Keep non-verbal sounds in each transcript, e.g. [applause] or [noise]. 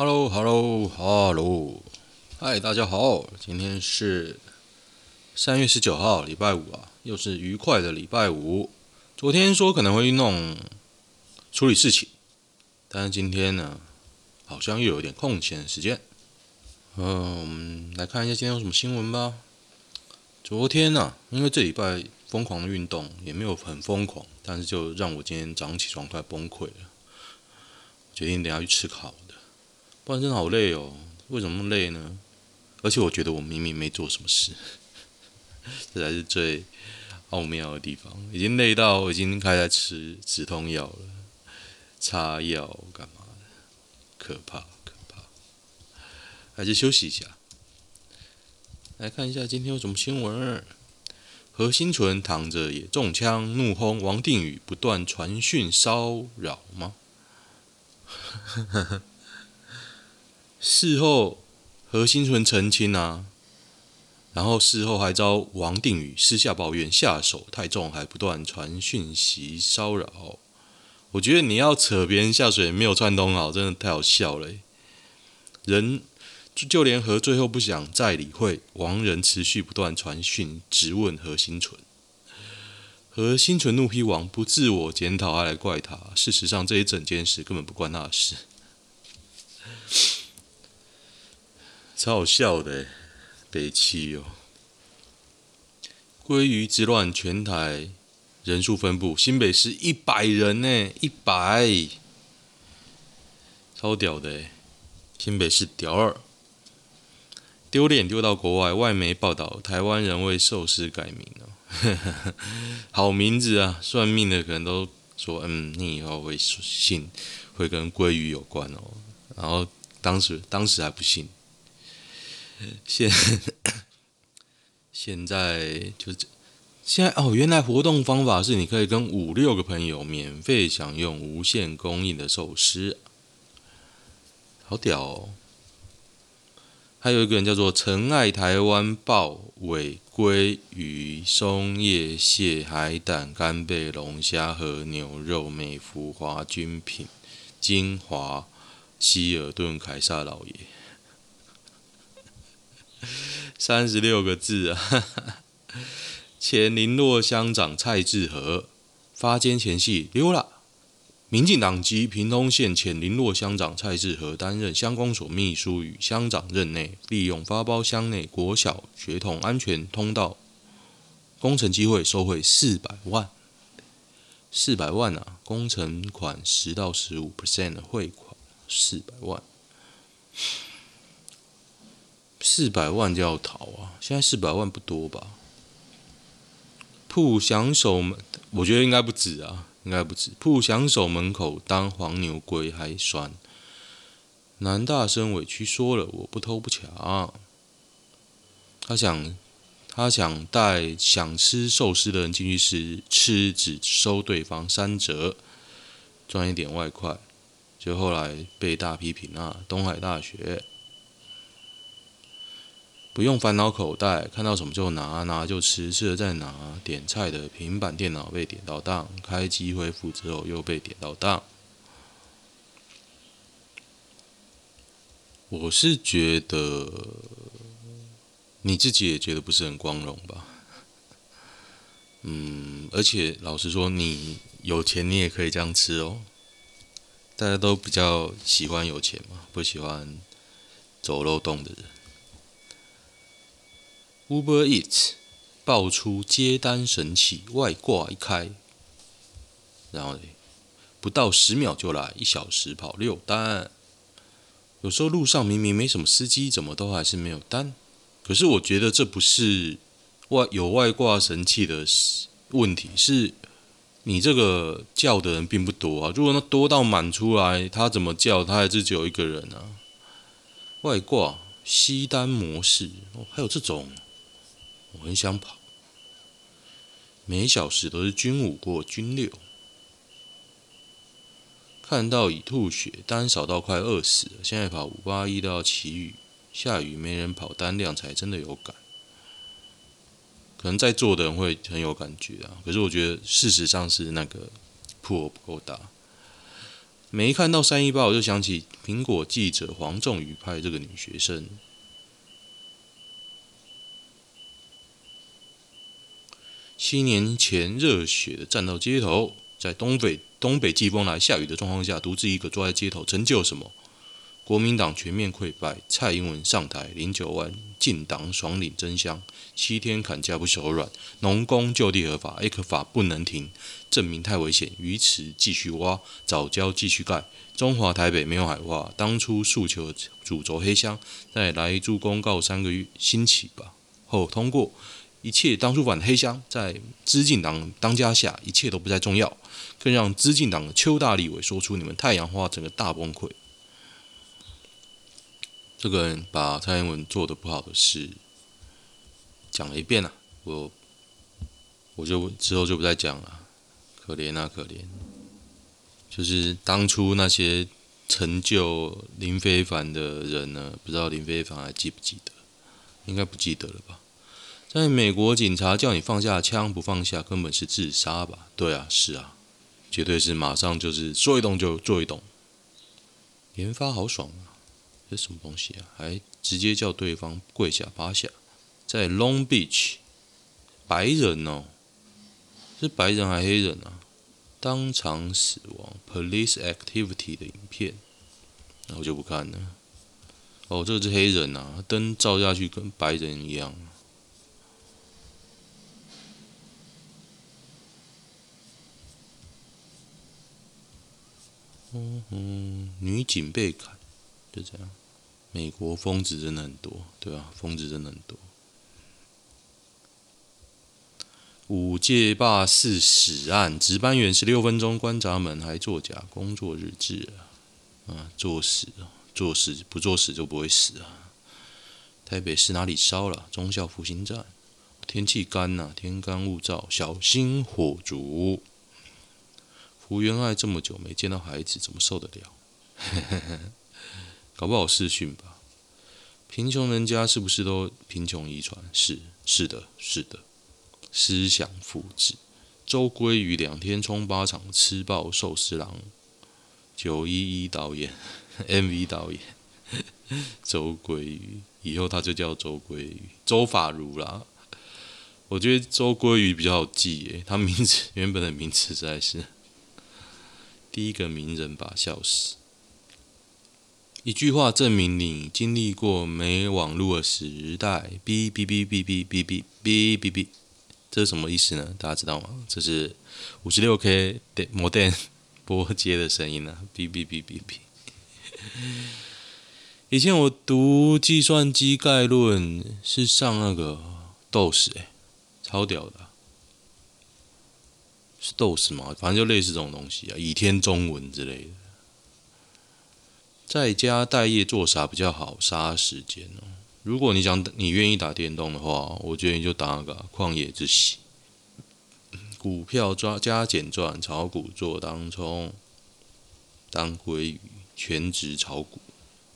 Hello，Hello，Hello，嗨，hello, hello, hello. Hi, 大家好，今天是三月十九號，禮拜五啊，又是愉快的禮拜五。昨天說可能會弄處理事情，但是今天呢，好像又有點空閒時間。嗯、呃，我們來看一下今天有什麼新聞吧。昨天呢、啊，因為這禮拜瘋狂的運動也沒有很瘋狂，但是就讓我今天早上起床快崩潰了，決定等下去吃烤。我、哦、真的好累哦！為什麼那麼累呢？而且我覺得我明明沒做什麼事，呵呵，這才是最奧妙的地方。已經累到已經開始吃止痛藥了，擦藥幹嘛的？可怕可怕！還是休息一下。來看一下今天有什麼新聞？何欣純躺着也中槍，怒轟王定宇不斷傳訊騷擾嗎？ [laughs] 事後，何欣純澄清啊，然後事後還遭王定宇私下抱怨下手太重，還不斷傳訊息騷擾。我覺得你要扯別人下水，沒有串通好，真的太好笑了。人就，就連何最後不想再理會王仍，持續不斷傳訊，質問何欣純：「何欣純怒批王不自我檢討，還來怪他。事實上，這一整件事根本不關他的事。超好笑的、欸，北七哦！鮭魚之亂，全台人數分布，新北市一百人呢、欸，一百，超屌的、欸，新北市屌二，丟臉丟到國外，外媒報道，台灣人為壽司改名哦、喔，好名字啊！算命的可能都說，嗯，你以後會信，會跟鮭魚有關哦、喔。然後當時當時還不信。現現在就這，現在哦，原來活動方法是你可以跟五六個朋友免費享用無限供應的壽司，好屌！哦，還有一個人叫做曾愛台灣鮑尾鮭魚松葉蟹海膽干貝龍蝦和牛肉美福華君品精華希爾頓凱撒老爺。三十六個字啊！前麟洛鄉長蔡志和發監前夕溜了。民進黨籍屏東縣前麟洛鄉長蔡志和擔任鄉公所秘書與鄉長任內，利用發包鄉內國小學童安全通道工程機會，收賄四百萬，四百萬啊！工程款十到十五 percent 匯款四百萬。四百萬就要逃啊！現在四百萬不多吧？不想守，我覺得應該不止啊，應該不止。不想守門口當黃牛龜還酸。男大生委屈說了：“我不偷不搶。”他想，他想帶想吃壽司的人進去吃，吃只收對方三折，賺一點外快。就後來被大批評啊，東海大學。不用煩惱口袋，看到什麼就拿，拿就吃，吃了再拿。點菜的平板電腦被點到當，開機恢復之後又被點到當。我是覺得你自己也覺得不是很光榮吧？嗯，而且老實說，你有錢你也可以這樣吃哦。大家都比較喜歡有錢嘛，不喜歡走漏洞的人。Uber Eats 爆出接單神器，外掛一開，然後呢，不到十秒就來一小時跑六單。有時候路上明明沒什麼司機，怎麼都還是沒有單。可是我覺得這不是外有外掛神器的問題，是你這個叫的人並不多啊。如果那多到滿出來，他怎麼叫，他還是只有一個人啊。外掛吸單模式，哦，還有這種。我很想跑，每小時都是軍五過軍六。看到已吐血，單少到快餓死了。現在跑五八一都要起雨，下雨沒人跑，單量才真的有感。可能在座的人會很有感覺啊，可是我覺得事實上是那個鋪不夠大。每一看到三一八，我就想起蘋果記者黃仲瑜派這個女學生。七年前熱血的站到街頭，在東北東北季風來下雨的狀況下，獨自一個坐在街頭，成就什麼？國民黨全面潰敗，蔡英文上台，領九萬進黨，爽領真香。七天砍價不手軟，農工就地合法，A 法不能停，證明太危險。魚池繼續挖，藻礁繼續蓋，中華台北沒有海化。當初訴求主軸黑箱，再來一注公告三個月，星期吧，後通過。一切當初反黑箱，在資進黨當家下，一切都不再重要。更讓資進黨邱大立委說出：“你們太陽花整個大崩潰。”這個人把蔡英文做的不好的事講了一遍了、啊，我我就之後就不再講了。可憐啊，可憐！就是當初那些成就林非凡的人呢，不知道林非凡還記不記得？應該不記得了吧。在美國，警察叫你放下槍，不放下根本是自殺吧？對啊，是啊，絕對是馬上就是說一動就做一動。研發好爽啊！這什麼東西啊？還直接叫對方跪下趴下。在 Long Beach，白人哦，是白人還黑人啊？當場死亡，Police Activity 的影片，那我就不看了。哦，這個是黑人啊，燈照下去跟白人一樣。嗯嗯，女警被砍，就這樣。美國瘋子真的很多，對吧、啊？瘋子真的很多。武界壩四死案，值班員十六分鐘關閘門還作假工作日誌啊！啊，作死啊，作死不作死就不會死啊！台北市哪裡燒了？忠孝復興站，天氣乾吶，天乾物燥，小心火燭。福原愛這麼久沒見到孩子，怎麼受得了？ [laughs] 搞不好視訊吧？貧窮人家是不是都貧窮遺傳？是是的，是的。思想複制。周鮭魚兩天衝八場，吃爆壽司郎。九一一導演，MV 導演。周鮭魚以後他就叫周鮭魚，周法如啦。我覺得周鮭魚比較好記耶，他名字原本的名字實在是。第一個名人吧，笑死！一句話證明你經歷過沒網絡的時代。嗶嗶嗶嗶嗶嗶嗶嗶嗶，這是什麼意思呢？大家知道嗎？這是 56K 的 modem 撥接的聲音呢。嗶嗶嗶嗶嗶。以前我讀計算機概論是上那個 DOS，哎，超屌的。是豆 o 嗎？反正就類似這種東西啊，倚天中文之類的。在家待業做啥比較好殺時間哦。如果你想，你願意打電動的話，我覺得你就打個《曠野之息》。股票抓加減賺，炒股做當沖，當歸魚全職炒股，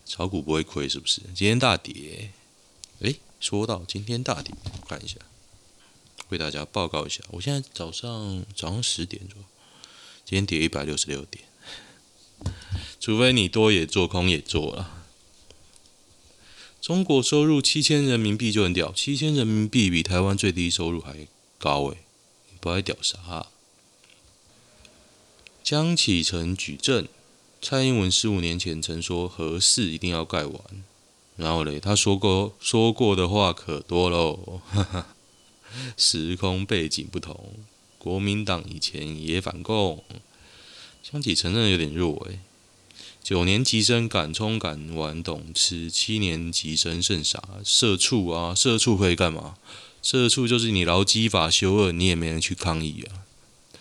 炒股不會虧是不是？今天大跌，誒、欸，說到今天大跌，我看一下。為大家報告一下，我現在早上早上十點鐘，今天跌一百六十六點，除非你多也做空也做了。中國收入七千人民幣就很屌，七千人民幣比台灣最低收入還高哎、欸，不愛屌啥、啊？江啟臣舉證，蔡英文十五年前曾說核四一定要蓋完，然後嘞，他說過說過的話可多嘍哈哈。時空背景不同，國民黨以前也反共，想起承認有點弱，欸。九年級生敢衝敢玩懂吃，七年級生甚傻，社畜啊！社畜可以幹嘛？社畜就是你勞基法修惡，你也沒人去抗議啊，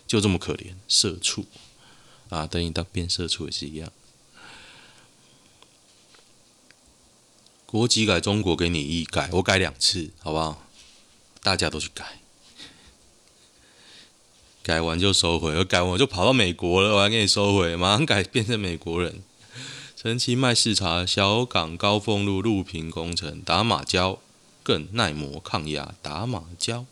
就這麼可憐，社畜啊！等你當變社畜也是一樣。國籍改中國給你一改，我改兩次，好不好？大家都去改，改完就收回，改完我就跑到美國了，我還給你收回，馬上改變成美國人。陳其邁視察小港高峰路路平工程，打馬膠更耐磨抗壓，打馬膠，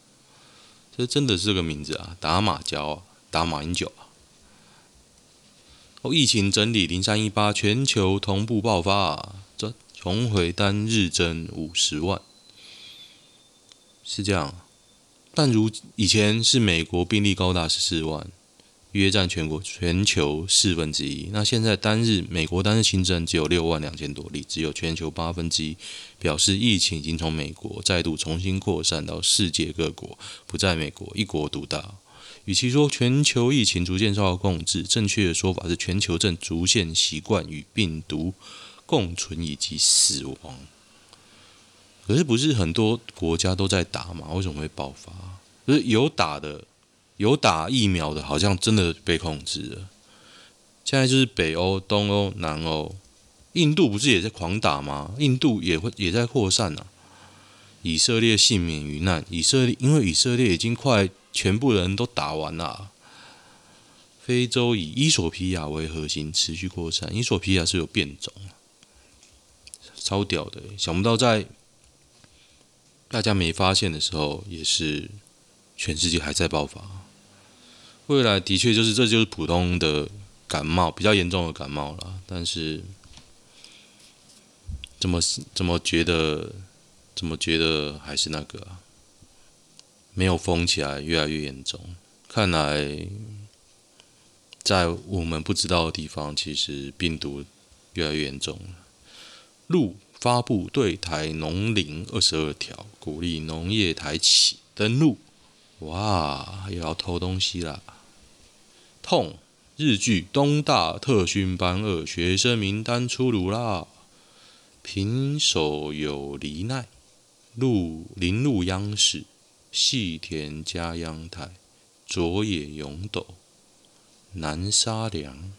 這真的是個名字啊，打馬膠啊，打馬英九啊。哦，疫情整理零三一八全球同步爆發啊，這重回單日增五十萬。是這樣，但如以前是美國病例高達十四萬，約占全國全球四分之一。那現在單日美國單日新增只有六萬兩千多例，只有全球八分之一，表示疫情已經從美國再度重新擴散到世界各國，不在美國，一國獨大。與其說全球疫情逐漸受到控制，正確的說法是全球正逐漸習慣與病毒共存以及死亡。可是不是很多國家都在打嗎？為什麼會爆發？可是有打的，有打疫苗的，好像真的被控制了。現在就是北歐、東歐、南歐，印度不是也在狂打嗎？印度也會也在擴散呢啊。以色列幸免於難，以色列因為以色列已經快全部人都打完了啊。非洲以伊索皮亞為核心持續擴散，伊索皮亞是有變種，超屌的欸，想不到在。大家沒發現的時候，也是全世界還在爆發。未來的確就是這就是普通的感冒，比較嚴重的感冒啦。但是怎麼怎麼覺得，怎麼覺得還是那個、啊、沒有封起來，越來越嚴重。看來在我們不知道的地方，其實病毒越來越嚴重了。陸發布對台農林二十二條。鼓勵農業台起登陸，哇！又要偷東西啦，痛！日劇東大特訓班二學生名單出爐啦，平手友梨奈、陸鈴鹿央士，細田佳央太、佐野勇斗、南沙良、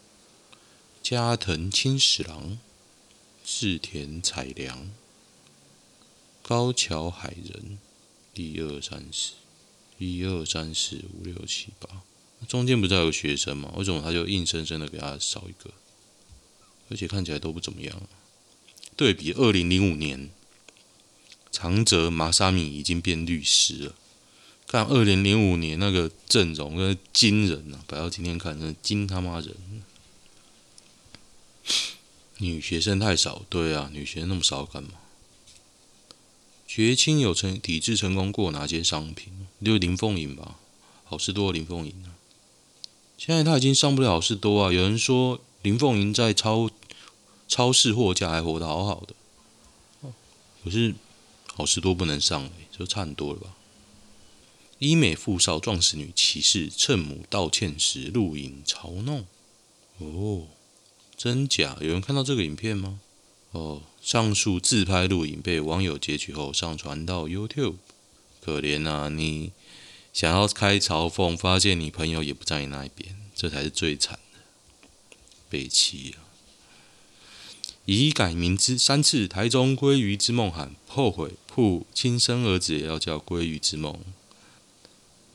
加藤清史郎、志田彩良。高橋海人，一二三四，一二三四五六七八，中間不知道有學生嗎？為什麼他就硬生生的給他少一個？而且看起來都不怎麼樣啊。對比二零零五年，長澤麻沙米已經變律師了。看二零零五年那個陣容，跟驚人啊，不要今天看，那驚他媽人。女學生太少，對啊，女學生那麼少幹嘛？絕青有成抵制成功過哪些商品？就是、林鳳營吧，好市多林鳳營、啊、現在他已經上不了好市多啊。有人說林鳳營在超超市貨架還活得好好的，可是好市多不能上、欸、就差很多了吧。醫美富少撞死女騎士趁母道歉時錄影嘲弄，哦，真假？有人看到這個影片嗎？哦，上述自拍錄影被網友截取後上傳到 YouTube，可憐啊！你想要開嘲諷，發現你朋友也不在那一邊，這才是最慘的，被欺啊！已改名之三次，台中鮭魚之夢喊後悔，噗，親生兒子也要叫鮭魚之夢，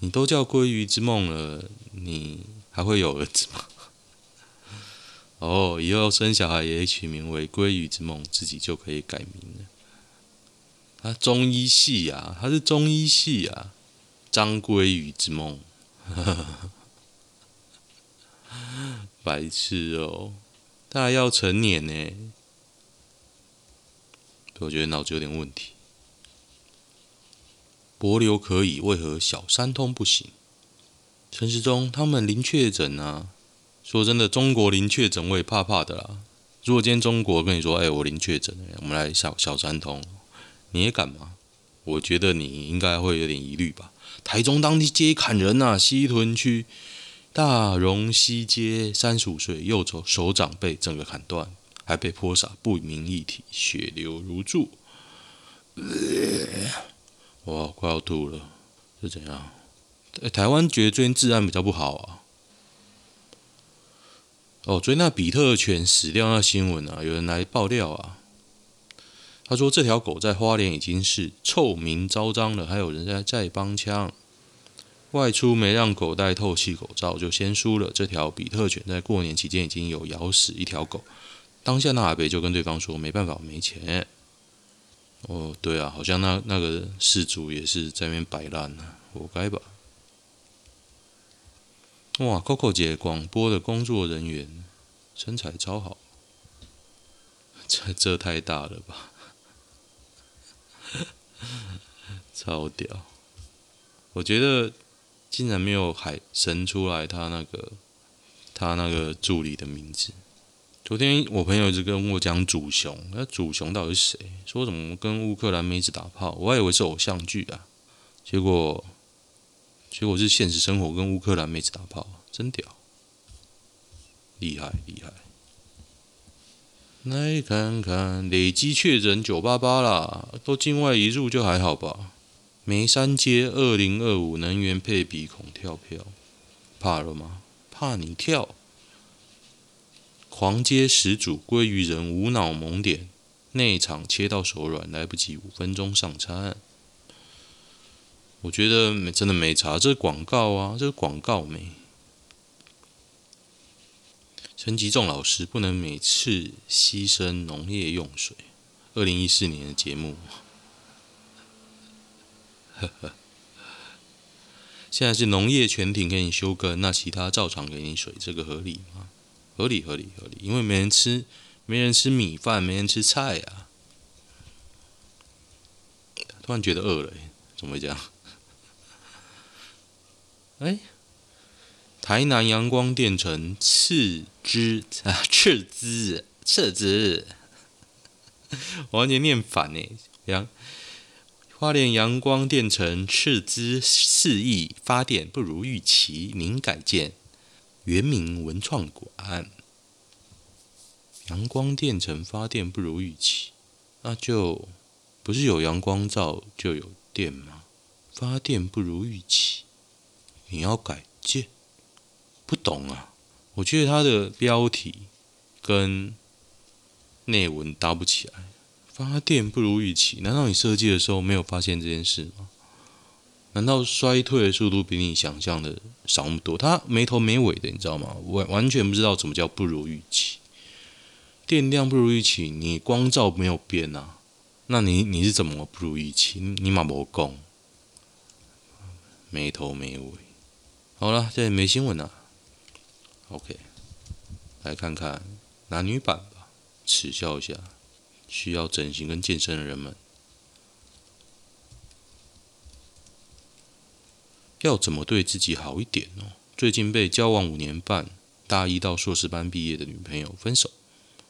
你都叫鮭魚之夢了，你還會有兒子嗎？哦，oh, 以後生小孩也取名為“鮭魚之夢”，自己就可以改名了。他、啊、中醫系啊，他是中醫系啊，張鮭魚之夢， [laughs] 白痴哦！他要成年呢，我覺得腦子有點問題。帛琉可以，為何小三通不行？陳時中他們零確診啊。說真的，中國零確診我也怕怕的啦。如果今天中國跟你說：“哎、欸，我零確診”，我們來小三通，你也敢嗎？我覺得你應該會有點疑慮吧。台中當地街砍人吶、啊，西屯區大榮西街三十五歲右手手掌被整個砍斷，還被潑灑不明液體，血流如注、呃。我快要吐了，是怎樣？欸、台灣覺得最近治安比較不好啊。哦，追那比特犬死掉那新聞啊，有人來爆料啊。他說，這條狗在花蓮已經是臭名昭彰了，還有人在在幫腔。外出沒讓狗戴透氣口罩，就先輸了。這條比特犬在過年期間已經有咬死一條狗，當下那阿北就跟對方說，沒辦法，沒錢。哦，對啊，好像那那個事主也是在那邊擺爛呢，活該吧。哇，Coco 姐廣播的工作人員身材超好，這這太大了吧，超屌！我覺得竟然沒有海神出來，他那個他那個助理的名字。昨天我朋友一直跟我講祖雄，那祖雄到底是誰？說什麼跟烏克蘭妹子打炮？我還以為是偶像劇啊，結果。結果是現實生活跟烏克蘭妹子打炮，真屌，厲害厲害。來看看累積確診九八八啦，都境外一入就還好吧？梅山街二零二五能源配比恐跳票，怕了嗎？怕你跳！狂街始祖鮭魚人無腦猛點，內場切到手軟，來不及五分鐘上餐。我覺得沒真的沒差，這是廣告啊，這是廣告沒。陳吉仲老師不能每次犧牲農業用水。二零一四年的節目，呵呵。現在是農業全停，給你休耕，那其他照常給你水，這個合理嗎？合理，合理，合理，因為沒人吃，沒人吃米飯，沒人吃菜啊。突然覺得餓了，怎麼會這樣？哎、欸，台南陽光電城斥資啊，斥資斥資，我完全念反呢。陽花蓮陽光電城斥資四億發電不如預期，您改建，原名文創館。陽光電城發電不如預期，那就不是有陽光照就有電嗎？發電不如預期。你要改建？不懂啊！我覺得它的標題跟內文搭不起來。發電不如預期，難道你設計的時候沒有發現這件事嗎？難道衰退的速度比你想象的少那麼多？他沒頭沒尾的，你知道嗎？完完全不知道什麼叫不如預期。電量不如預期，你光照沒有變啊？那你你是怎麼不如預期？你你媽沒講，沒頭沒尾。好了，這也沒新聞了。OK，來看看男女版吧，恥笑一下需要整形跟健身的人們，要怎麼對自己好一點呢、哦？最近被交往五年半、大一到碩士班畢業的女朋友分手，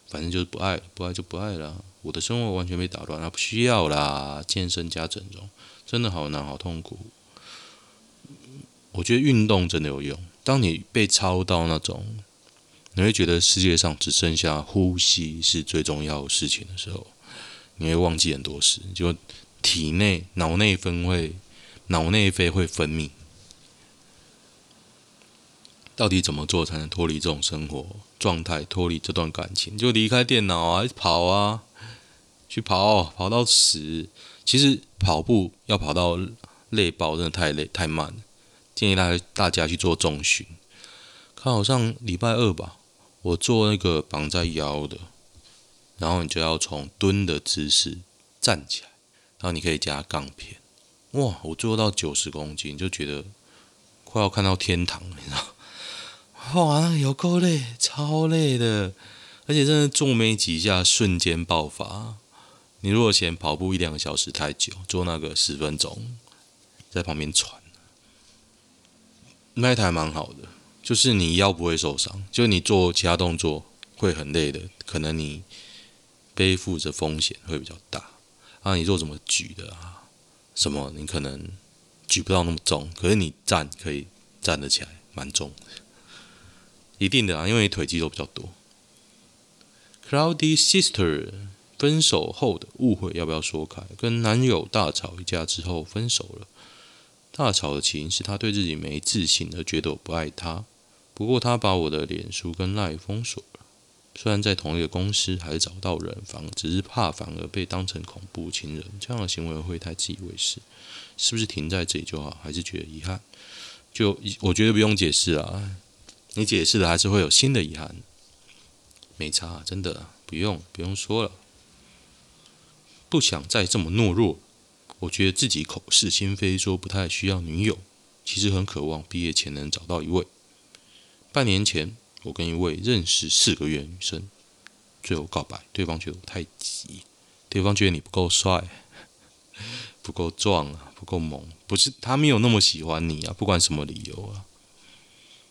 反正就是不愛了，不愛就不愛了、啊。我的生活完全被打亂，那不需要啦。健身加整容，真的好難，好痛苦。我覺得運動真的有用。當你被操到那種，你會覺得世界上只剩下呼吸是最重要的事情的時候，你會忘記很多事。就體內腦內分會腦內分會分泌，到底怎麼做才能脫離這種生活狀態，脫離這段感情？就離開電腦啊，跑啊，去跑，跑到死。其實跑步要跑到累爆，真的太累太慢了。建議大大家去做重訓，看好像禮拜二吧，我做那個綁在腰的，然後你就要從蹲的姿勢站起來，然後你可以加槓片，哇，我做到九十公斤就覺得快要看到天堂了，你知道？哇，那個、有夠累，超累的，而且真的重沒幾下，瞬間爆發。你如果嫌跑步一兩個小時太久，做那個十分鐘，在旁邊喘。那台蠻好的，就是你腰不會受傷，就你做其他動作會很累的，可能你背負着風險會比較大。啊，你做什麼舉的啊？什麼你可能舉不到那麼重，可是你站可以站得起來，蠻重。一定的啊，因為你腿肌肉比較多。Cloudy Sister 分手後的誤會要不要說開？跟男友大吵一架之後分手了。大吵的起因是他對自己沒自信，而覺得我不愛他。不過他把我的臉書跟賴封鎖了。雖然在同一個公司，還是找到人，反而只是怕反而被當成恐怖情人。這樣的行為會太自以為是，是不是停在這裡就好？還是覺得遺憾？就我覺得不用解釋了。你解釋的，還是會有新的遺憾。沒差，真的不用不用說了。不想再這麼懦弱。我覺得自己口是心非，說不太需要女友，其實很渴望畢業前能找到一位。半年前，我跟一位認識四個月的女生最後告白，對方覺得我太急，對方覺得你不夠帥、不夠壯啊、不夠猛，不是他沒有那麼喜歡你啊，不管什麼理由啊，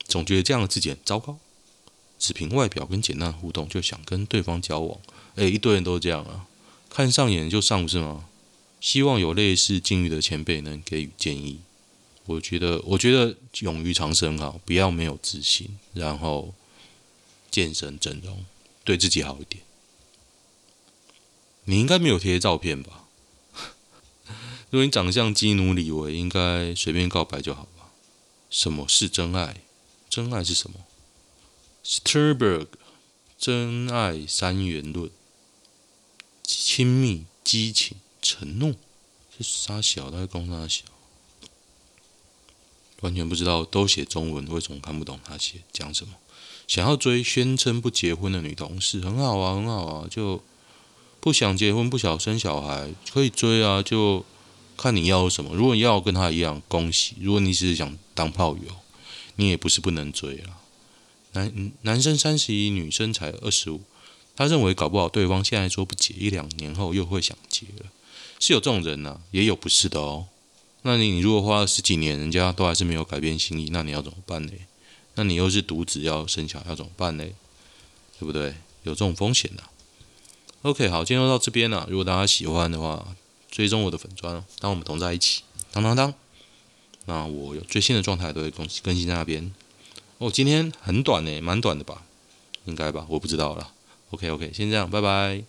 總覺得這樣的自己很糟糕，只憑外表跟簡單的互動就想跟對方交往，哎、欸，一堆人都這樣啊，看上眼就上，不是嗎？希望有類似境遇的前輩能給予建議。我覺得，我覺得勇於嘗試很好，不要沒有自信。然後健身、整容，對自己好一點。你應該沒有貼照片吧？ [laughs] 如果你長相基努李維，應該隨便告白就好吧？什麼是真愛？真愛是什麼？Sturberg 真愛三元論：親密、激情。承諾是啥小，他剛啥小。完全不知道，都寫中文，為什麼看不懂他寫講什麼？想要追宣稱不結婚的女同事，很好啊，很好啊，就不想結婚，不想生小孩，可以追啊。就看你要什麼，如果你要跟他一樣，恭喜；如果你只是想當炮友，你也不是不能追了啊。男男生三十一，女生才二十五，他認為搞不好對方現在說不結，一兩年後又會想結了。是有這種人呢、啊，也有不是的哦。那你如果花了十幾年，人家都還是沒有改變心意，那你要怎麼辦呢？那你又是獨子，要生小孩要怎麼辦呢？對不對？有這種風險呢、啊。OK，好，今天就到這邊了、啊。如果大家喜歡的話，追蹤我的粉專，當我們同在一起。當當當。那我有最新的狀態都會更更新在那邊。哦，今天很短呢，蠻短的吧？應該吧？我不知道了。OK，OK，、okay, okay, 先這樣，拜拜。